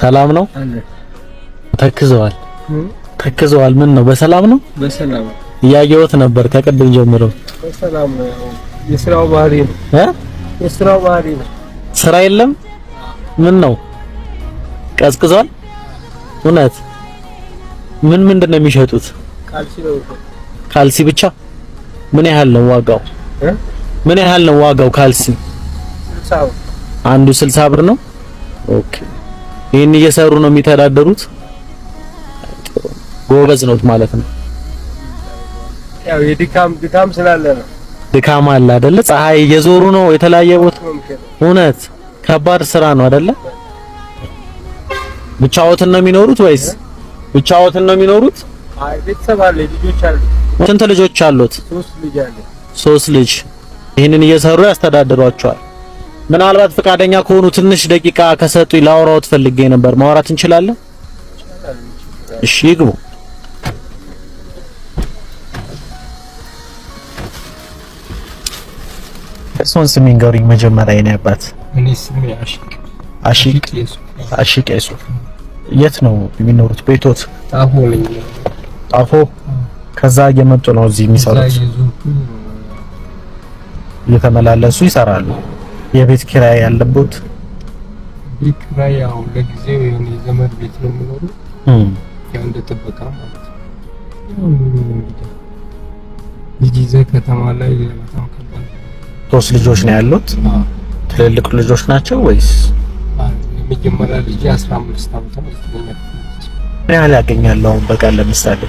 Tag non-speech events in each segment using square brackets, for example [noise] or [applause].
ሰላም ነው። ተክዘዋል ተክዘዋል። ምን ነው? በሰላም ነው። በሰላም እያየሁት ነበር ከቅድም ጀምሮ። በሰላም ነው። የስራው ባህሪ ነው እ የስራው ባህሪ ነው። ስራ የለም። ምን ነው? ቀዝቅዟል። እውነት ምን ምንድን ነው የሚሸጡት? ካልሲ ብቻ። ምን ያህል ነው ዋጋው? ምን ያህል ነው ዋጋው ካልሲ? አንዱ ስልሳ ብር ነው። ኦኬ ይህን እየሰሩ ነው የሚተዳደሩት። ጎበዝ ነው ማለት ነው። ያው የድካም ድካም ስላለ ነው። ድካም አለ አይደለ? ፀሐይ እየዞሩ ነው የተለያየ ቦታ። እውነት ከባድ ስራ ነው አይደለ? ብቻዎትን ነው የሚኖሩት ወይስ ብቻዎትን ነው የሚኖሩት? አይ ቤተሰብ አለ፣ ልጆች አሉ። ስንት ልጆች አሉት? ሶስት ልጅ አለ። ሶስት ልጅ ይህንን እየሰሩ ያስተዳድሯቸዋል። ምናልባት ፈቃደኛ ከሆኑ ትንሽ ደቂቃ ከሰጡ ላወራዎት ፈልጌ ነበር። ማውራት እንችላለን? እሺ ይግቡ። እሱን ስም ንገሩኝ መጀመሪያ የኔ አባት። እኔ አሺቅ አሺቅ የት ነው የሚኖሩት? ቤቶት ጣፎ ነኝ። ጣፎ ከዛ እየመጡ ነው እዚህ የሚሰሩት፣ እየተመላለሱ ይሰራሉ። የቤት ኪራይ ያለቦት ቤት ኪራይ ያው ለጊዜው የሆነ የዘመድ ቤት ነው የሚኖሩ ያው እንደ ጥበቃ ማለት ነው። ልጅ ከተማ ላይ በጣም ከባድ። ሶስት ልጆች ነው ያሉት። ትልልቅ ልጆች ናቸው ወይስ? የመጀመሪያ ልጅ 15 አመት ነው። ምን ያህል ያገኛል አሁን በቃ ለምሳሌ?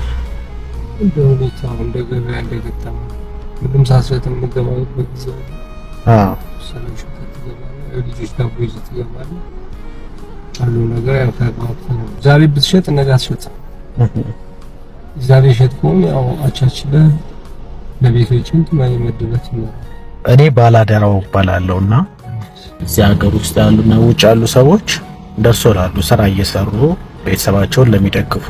እንደ ሁኔታው እንደ ገበያ እንደገጠመ ምንም ሳስረት የምንገባበት ጊዜ አዎ የተወሰነ ሽተት እገባለሁ። ልጆች ዳቦ ይዘት ይገባሉ። አሉ ነገር ያው ተግባብቶ ነው። ዛሬ ብትሸጥ ነገ አትሸጥም። [laughs] ዛሬ ሸጥከውን ያው አቻችለህ ለቤቶችን ትመድበት ይኖራል። እኔ ባላደራው እባላለሁ እና እዚህ ሀገር ውስጥ ያሉና ውጭ ያሉ ሰዎች እንደሱ ላሉ ስራ እየሰሩ ቤተሰባቸውን ለሚደግፉ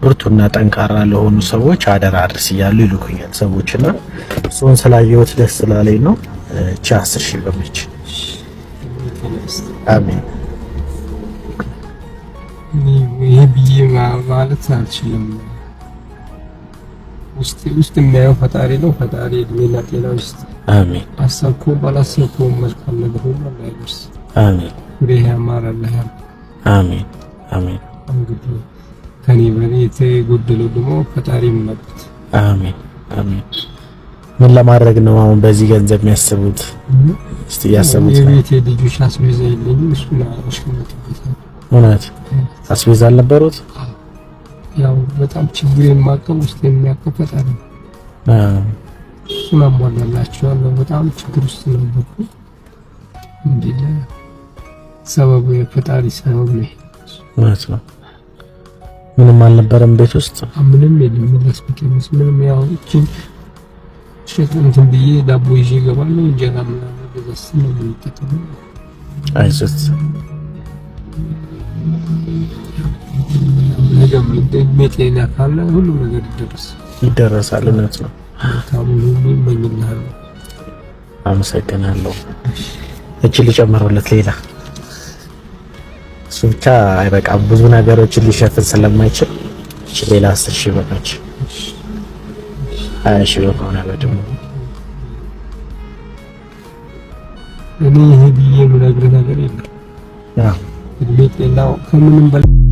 ብርቱና ጠንካራ ለሆኑ ሰዎች አደራ አድርስ እያሉ ይልኩኛል ሰዎችና እሱን ስላየሁት ደስ ስላለኝ ነው። እቺ አስር ሺህ ብር ነች። ማለት አልችልም። ውስጥ ውስጥ የሚያየው ፈጣሪ ነው። ፈጣሪ እድሜና ጤና ውስጥ አሜን። አሰብኩም ባላሰብኩም መልካም ነገር ሁሉ እንዳይደርስ አሜን። ፍሬ ያማረልሃል። አሜን አሜን። እንግዲህ ከኔ በላይ የተጎደለው ደግሞ ፈጣሪ ይመልከት። አሜን አሜን። ምን ለማድረግ ነው አሁን በዚህ ገንዘብ የሚያስቡት? እስቲ ያስቡት። የቤት ልጆች አስቤዛ የለኝም። እሱ እውነት አስቤዛ አልነበሩት። ያው በጣም ችግር የማቀው ውስጥ የሚያከፈታ ነው። እሱን አሟላላችኋለሁ። በጣም ችግር ውስጥ ነበርኩ። እንዴት ሰበቡ የፈጣሪ ሰበብ ነው። እውነት ነው። ምንም አልነበረም ቤት ውስጥ ምንም የለም። ምንም ያው ሽት እንትን ብዬ ዳቦ ይዤ እገባለሁ። እንጀራ ምናምን ገዛስ ነው የምንጠቀመው። አይሰት ጤና ካለ ሁሉም ነገር ይደረስ ይደረሳል። እውነት ነው። ታሙሉ ይመኝልሃል። አመሰግናለሁ። እቺ ልጨምረለት ሌላ እሱ ብቻ አይበቃም። ብዙ ነገሮችን ሊሸፍን ስለማይችል እቺ ሌላ አስር ሺህ በቃች። ሀያ ሺህ ብር ከሆነ በደሞ እኔ ይሄ ብዬ ነው ነገር የለም። እድሜ ጤናው ከምንም በላይ